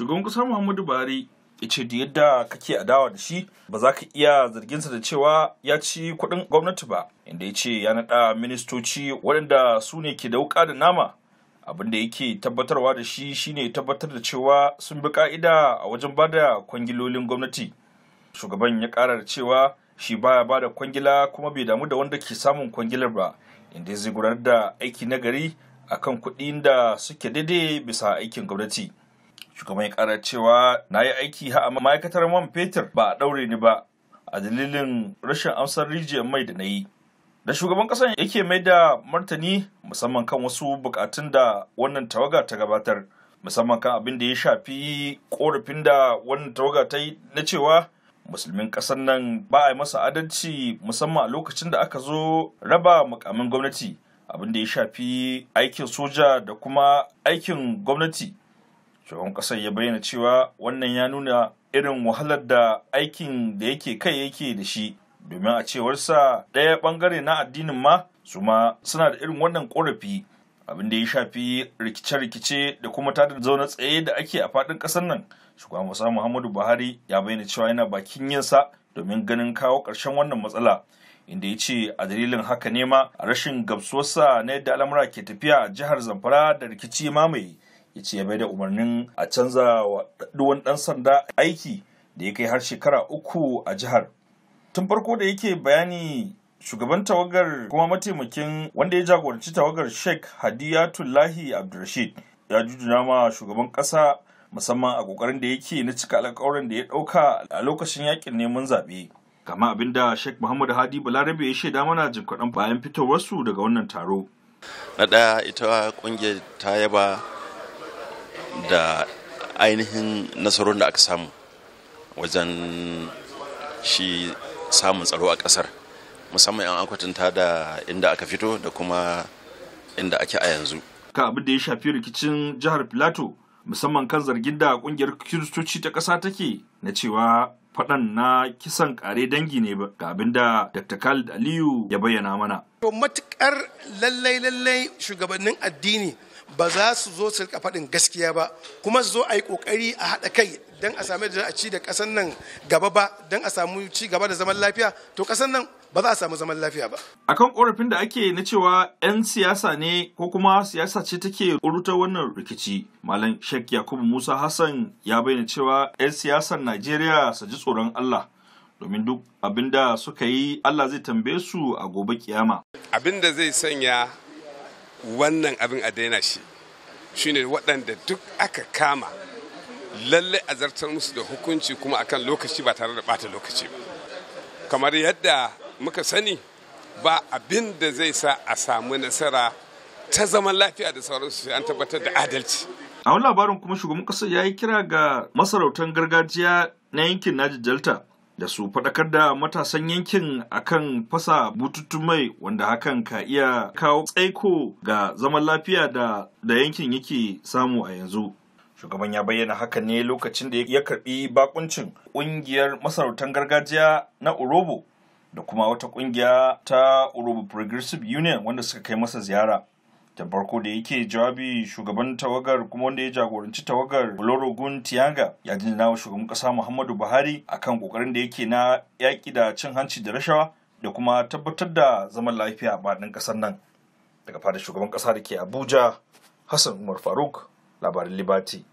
shugaban kusa muhammadu buhari ya ce da yadda kake adawa da shi ba za ka iya zarginsa da cewa ya ci kuɗin gwamnati ba inda ya ce ya naɗa ministoci waɗanda su ne ke da wuƙa da nama abin da yake tabbatarwa da shi shine tabbatar da cewa sun bi ka'ida a wajen ba da kwangilolin gwamnati shugaban ya ƙara da cewa shi baya ba da kwangila kuma bai damu da wanda ke samun kwangilar ba inda zai gudanar da aiki nagari akan kuɗin da suke daidai bisa aikin gwamnati shugaban ya kara cewa na yi aiki ha a ma'aikatar man fetur ba a ɗaure ni ba a dalilin rashin amsar rijiyar mai da na yi da shugaban kasan yake mai da martani musamman kan wasu bukatun da wannan tawaga ta gabatar musamman kan abin da ya shafi korafin da wannan tawaga ta yi na cewa musulmin ƙasar nan ba a yi masa adalci musamman a lokacin da aka zo raba mukamin gwamnati abin da ya shafi aikin soja da kuma aikin gwamnati shugaban kasar ya bayyana cewa wannan ya nuna irin wahalar da aikin da yake kai yake da shi domin a cewarsa ɗaya ɓangare na addinin ma su ma suna da irin wannan ƙorafi abin da ya shafi rikice-rikice da kuma tada zaune tsaye da ake a faɗin ƙasar nan shugaban musa muhammadu buhari ya bayyana cewa yana bakin yinsa domin ganin kawo ƙarshen wannan matsala inda ya ce a dalilin haka ne ma rashin gamsuwarsa na yadda al'amura ke tafiya a jihar zamfara da rikici mamaye ya ce ya bai da umarnin a canza wa ɗaɗɗuwan ɗan sanda aiki da ya kai har shekara uku a jihar tun farko da yake bayani shugaban tawagar kuma mataimakin wanda ya jagoranci tawagar sheikh hadiyatullahi abdulrashid ya jujjuna ma shugaban ƙasa musamman a kokarin da yake na cika alƙawarin da ya ɗauka a lokacin yakin neman zaɓe kama abinda sheikh muhammadu hadi balarabe ya shaida mana jin bayan fitowarsu daga wannan taro na ɗaya ita ƙungiyar ta yaba da ainihin nasarorin da aka samu wajen shi samun tsaro a ƙasar musamman yan akwatinta da inda aka fito da kuma inda ake a yanzu ka abin da ya shafi rikicin jihar filato musamman kan zargin da kungiyar kiristoci ta ƙasa take na cewa faɗan na kisan ƙare dangi ne ga abin da dr khalid aliyu ya bayyana mana to matuƙar lallai lallai shugabannin addini ba za su zo su rika faɗin gaskiya ba kuma su zo a yi ƙoƙari a haɗa kai don a sami da ci da ƙasar nan gaba ba don a samu ci gaba da zaman lafiya to ƙasar nan ba za a samu zaman lafiya ba. Akan korafin da ake na cewa 'yan siyasa ne ko kuma siyasa ce take rutar wannan rikici. Malam Sheikh Yakubu Musa Hassan ya bayyana cewa 'yan siyasar Najeriya su ji tsoron Allah. Domin duk abin da suka yi Allah zai tambaye su a gobe kiyama. Abin da zai sanya wannan abin a daina shi shine waɗanda duk aka kama lalle a zartar musu da hukunci kuma akan lokaci ba tare da bata lokaci ba kamar yadda muka sani ba abin da zai sa a samu nasara ta zaman lafiya da sauransu sai an tabbatar da adalci a wani labarin kuma shugaban ƙasa ya yi kira ga masarautan gargajiya na yankin naji delta da su faɗakar da matasan yankin akan fasa bututun mai wanda hakan ka iya kawo tsaiko ga zaman lafiya da da yankin yake samu a yanzu shugaban ya bayyana haka ne lokacin da ya karbi bakuncin ƙungiyar masarautar gargajiya na urobo da kuma wata ƙungiya ta urobo progressive union wanda suka kai masa ziyara da farko da yake jawabi shugaban tawagar kuma wanda ya jagoranci tawagar olorogun tianga ya jinjina wa shugaban kasa muhammadu buhari akan kokarin da yake na yaƙi da cin hanci da rashawa da kuma tabbatar da zaman lafiya a baɗin ƙasar nan daga fadar shugaban ƙasa da ke abuja hassan umar faruk labarin libati